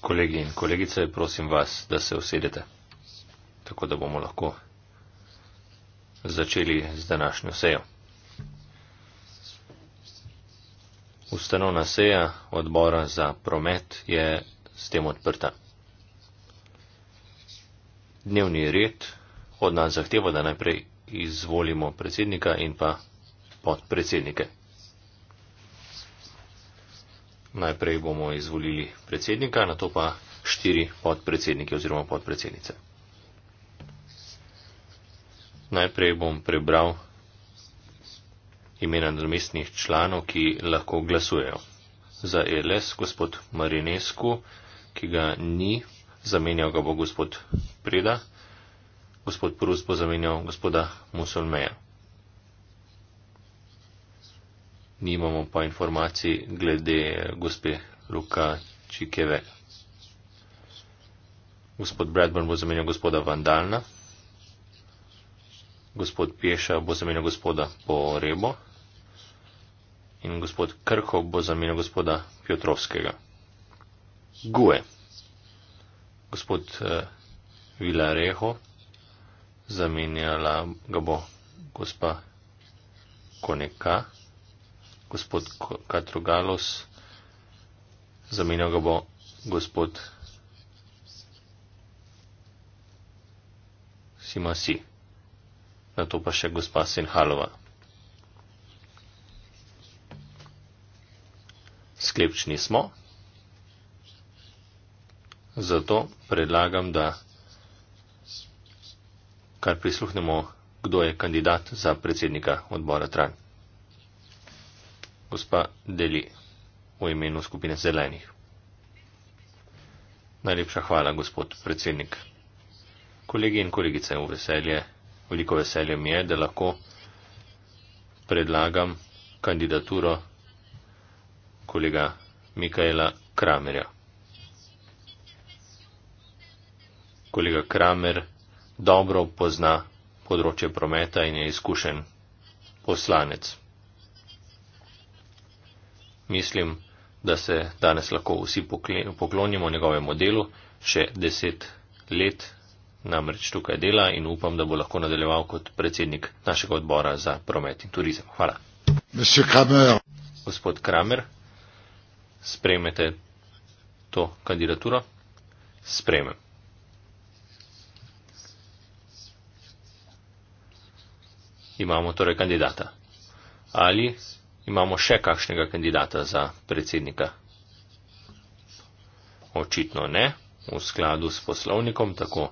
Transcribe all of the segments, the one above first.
Kolegi in kolegice, prosim vas, da se usedete, tako da bomo lahko začeli z današnjo sejo. Ustanovna seja odbora za promet je s tem odprta. Dnevni red od nas zahteva, da najprej izvolimo predsednika in pa podpredsednike. Najprej bomo izvolili predsednika, na to pa štiri podpredsednike oziroma podpredsednice. Najprej bom prebral imena domestnih članov, ki lahko glasujejo. Za e LS gospod Marinescu, ki ga ni, zamenjal ga bo gospod Preda, gospod Prus bo zamenjal gospoda Musolmeja. nimamo pa informacij glede gospe Luka Čikeve. Gospod Bradburn bo zamenjal gospoda Vandalna, gospod Pješa bo zamenjal gospoda Porebo in gospod Krho bo zamenjal gospoda Piotrovskega. Gue. Gospod eh, Vilarejo zamenjala ga bo gospa Koneka gospod Katrogalos, zamenjal ga bo gospod Simasi, na to pa še gospa Senhalova. Sklepčni smo, zato predlagam, da kar prisluhnemo, kdo je kandidat za predsednika odbora Tran gospa Deli v imenu skupine zelenih. Najlepša hvala, gospod predsednik. Kolegi in kolegice, v veselje, veliko veselje mi je, da lahko predlagam kandidaturo kolega Mikaela Kramerja. Kolega Kramer dobro pozna področje prometa in je izkušen poslanec. Mislim, da se danes lahko vsi poklonimo njegovemu delu še deset let namreč tukaj dela in upam, da bo lahko nadaljeval kot predsednik našega odbora za promet in turizem. Hvala. Gospod Kramer, sprejmete to kandidaturo? Sprejmem. Imamo torej kandidata. Ali imamo še kakšnega kandidata za predsednika? Očitno ne, v skladu s poslovnikom tako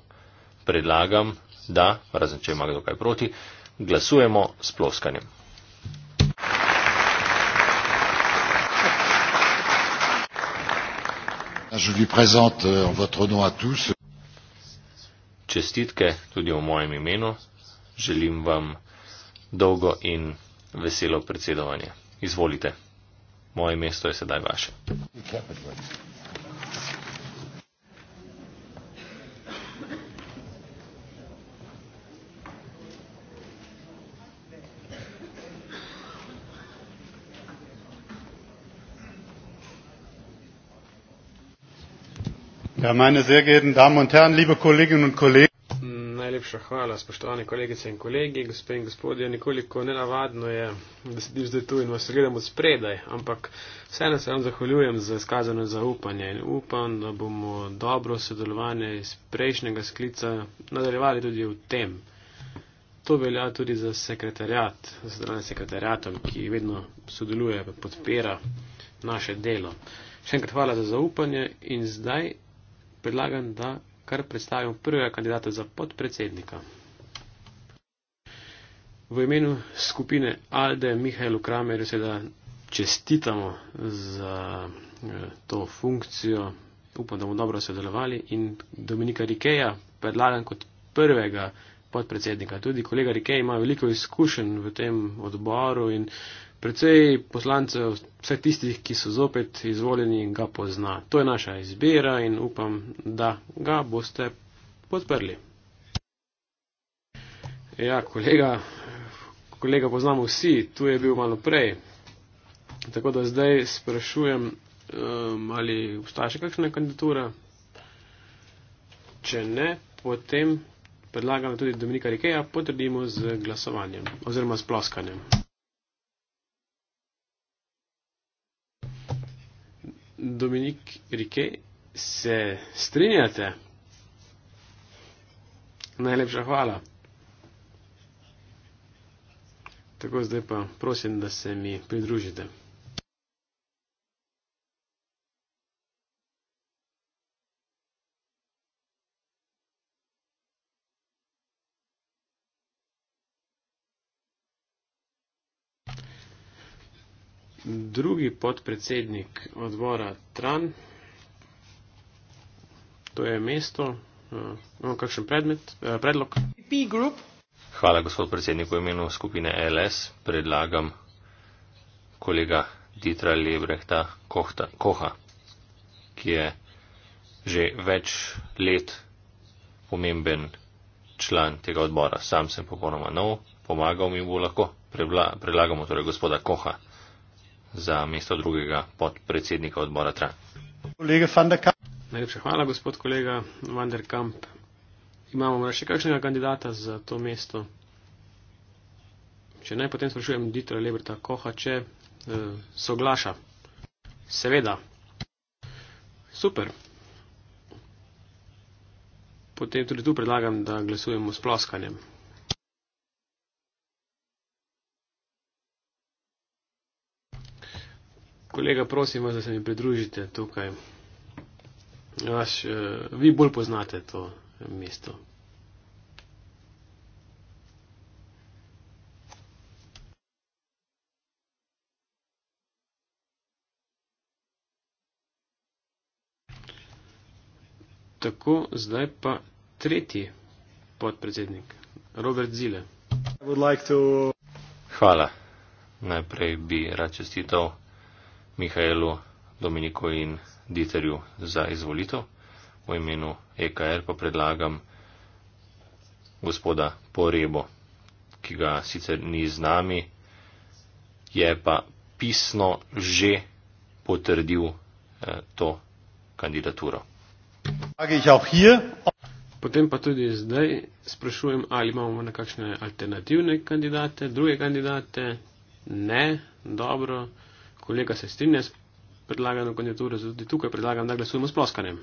predlagam, da, razen če ima kdo kaj proti, glasujemo s ploskanjem. Euh, Čestitke tudi v mojem imenu. Želim vam dolgo in veselo predsedovanje. Izvolite. Moje mesto je sedaj vaše. Ja, meine sehr geehrten Damen und Herren, liebe Kolleginnen und Kollegen, hvala, spoštovane kolegice in kolegi, gospe in gospodje. Nekoliko nenavadno je, da sedim zdaj tu in vas gledam od spredaj, ampak vseeno se vam zahvaljujem za izkazano zaupanje in upam, da bomo dobro sodelovanje iz prejšnjega sklica nadaljevali tudi v tem. To velja tudi za sekretarjat, za sodelovanje s sekretarjatom, ki vedno sodeluje, podpira naše delo. Še enkrat hvala za zaupanje in zdaj predlagam, da kar predstavim prvega kandidata za podpredsednika. V imenu skupine Alde Mihajlu Kramerju seveda čestitamo za eh, to funkcijo. Upam, da bomo dobro sodelovali in Dominika Rikeja predlagam kot prvega podpredsednika. Tudi kolega Rikej ima veliko izkušenj v tem odboru in precej poslancev, vse tistih, ki so zopet izvoljeni, ga pozna. To je naša izbira in upam, da ga boste podprli. Ja, kolega, kolega poznamo vsi, tu je bil malo prej. Tako da zdaj sprašujem, um, ali obstaja še kakšna kandidatura. Če ne, potem predlagam tudi Dominika Rikeja, potrdimo z glasovanjem oziroma s ploskanjem. Dominik Rike, se strinjate? Najlepša hvala. Tako zdaj pa prosim, da se mi pridružite. drugi podpredsednik odbora Tran, to je mesto, eh, imamo uh, kakšen predmet, uh, predlog. P -group. Hvala, gospod predsednik, v imenu skupine LS predlagam kolega Ditra Lebrehta Kohta, Koha, ki je že več let pomemben član tega odbora. Sam sem popolnoma nov, pomagal mi bo lahko, predlagamo torej gospoda Koha za mesto drugega podpredsednika odbora Tran. Najlepša hvala, gospod kolega Vanderkamp. Imamo še kakšnega kandidata za to mesto? Če naj potem sprašujem Ditra Leberta Koha, če eh, soglaša. Seveda. Super. Potem tudi tu predlagam, da glasujemo s ploskanjem. Kolega, prosim vas, da se mi pridružite tukaj. Vaš, eh, vi bolj poznate to eh, mesto. Tako, zdaj pa tretji podpredsednik, Robert Zile. Like to... Hvala. Najprej bi rad čestital. Mihaelu, Dominiku in Diterju za izvolitev. V imenu EKR pa predlagam gospoda Porebo, ki ga sicer ni z nami, je pa pisno že potrdil eh, to kandidaturo. Potem pa tudi zdaj sprašujem, ali imamo nekakšne alternativne kandidate, druge kandidate. Ne, dobro kolega se strinja s predlagano kandidaturo, zato tudi tukaj predlagam, da glasujemo s ploskanjem.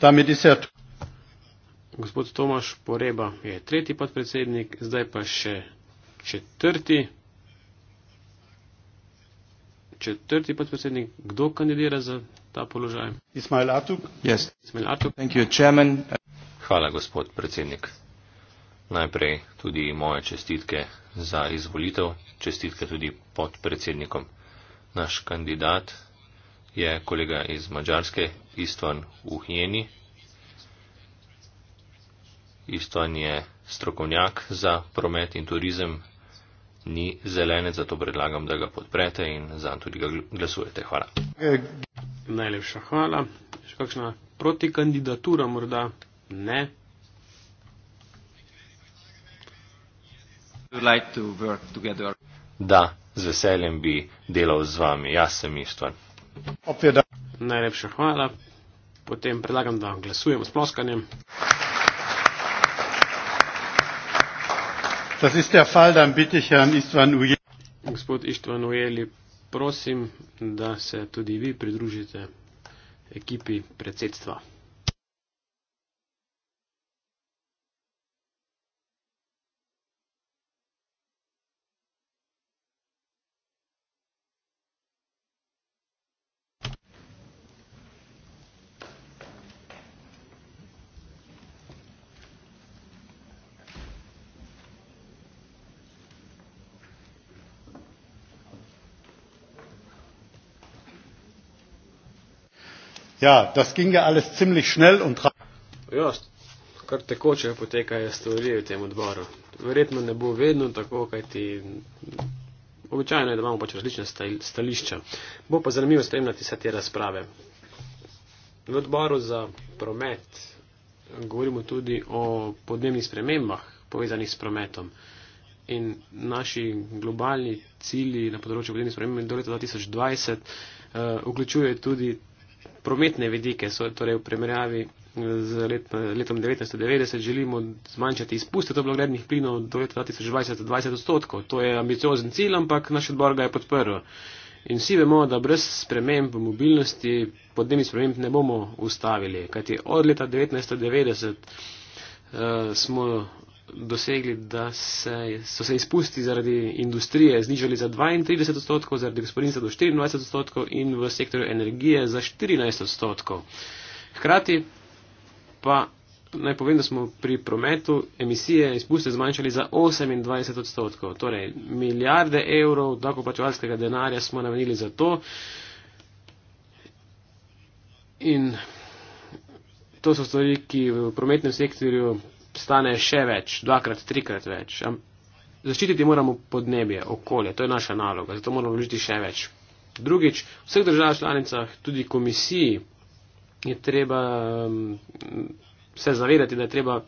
Tam je deset. Gospod Tomaš Poreba je tretji podpredsednik, zdaj pa še četrti. Četrti podpredsednik, kdo kandidira za ta položaj? Ismail Atuk. Yes. Ismail Atuk. Thank you, chairman. Hvala, gospod predsednik. Najprej tudi moje čestitke za izvolitev, čestitke tudi podpredsednikom. Naš kandidat je kolega iz Mačarske, Istvan Uhjeni. Istvan je strokovnjak za promet in turizem, ni zelene, zato predlagam, da ga podprete in za tudi ga glasujete. Hvala. Najlepša hvala. Še kakšna protikandidatura morda? Ne. Da, z veseljem bi delal z vami, jaz sem Istvan. Najlepša hvala. Potem predlagam, da glasujemo s ploskanjem. Gospod Istvan Ujeli, prosim, da se tudi vi pridružite ekipi predsedstva. Ja, das ging ja alles ziemlich schnell und Ja, kar tekoče potekajo stvari v tem odboru. Verjetno ne bo vedno tako, kaj ti običajno je, da imamo pač različne stališča. Bo pa zanimivo spremljati vse te razprave. V odboru za promet govorimo tudi o podnebnih spremembah, povezanih s prometom. In naši globalni cilji na področju podnebnih sprememb do leta 2020 uh, eh, vključuje tudi prometne vidike, so, torej v primerjavi z let, letom 1990, želimo zmanjšati izpuste toplogrednih plinov do leta 2020 za 20 odstotkov. To je ambiciozen cilj, ampak naš odbor ga je podprl. In vsi vemo, da brez sprememb v mobilnosti podnebnih sprememb ne bomo ustavili, kajti od leta 1990 uh, eh, smo dosegli, da se, so se izpusti zaradi industrije znižali za 32 odstotkov, zaradi gospodinstva do 24 odstotkov in v sektorju energije za 14 odstotkov. Hkrati pa naj povem, da smo pri prometu emisije izpuste zmanjšali za 28 odstotkov. Torej, milijarde evrov dakopačevalskega denarja smo namenili za to. In to so stvari, ki v prometnem sektorju stane še več, dvakrat, trikrat več. Zaščititi moramo podnebje, okolje, to je naša naloga, zato moramo vložiti še več. Drugič, v vseh državah članicah, tudi komisiji, je treba um, se zavedati, da je treba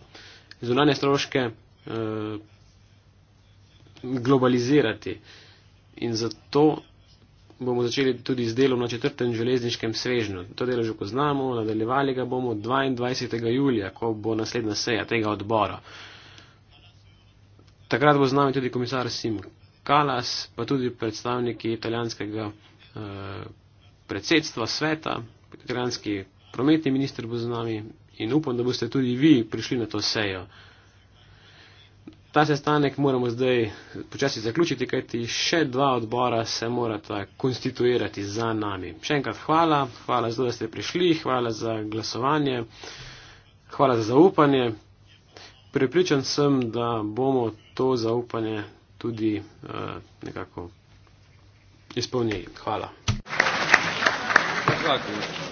zunanje stroške uh, globalizirati. In zato bomo začeli tudi z delom na četrtem železniškem svežnju. To delo že poznamo, nadaljevali ga bomo 22. julija, ko bo naslednja seja tega odbora. Takrat bo z nami tudi komisar Sim Kalas, pa tudi predstavniki italijanskega eh, predsedstva sveta, italijanski prometni minister bo z nami in upam, da boste tudi vi prišli na to sejo. Ta sestanek moramo zdaj počasi zaključiti, kajti še dva odbora se morata konstituirati za nami. Še enkrat hvala, hvala za to, da ste prišli, hvala za glasovanje, hvala za zaupanje. Pripričan sem, da bomo to zaupanje tudi uh, nekako izpolnili. Hvala. Hvala.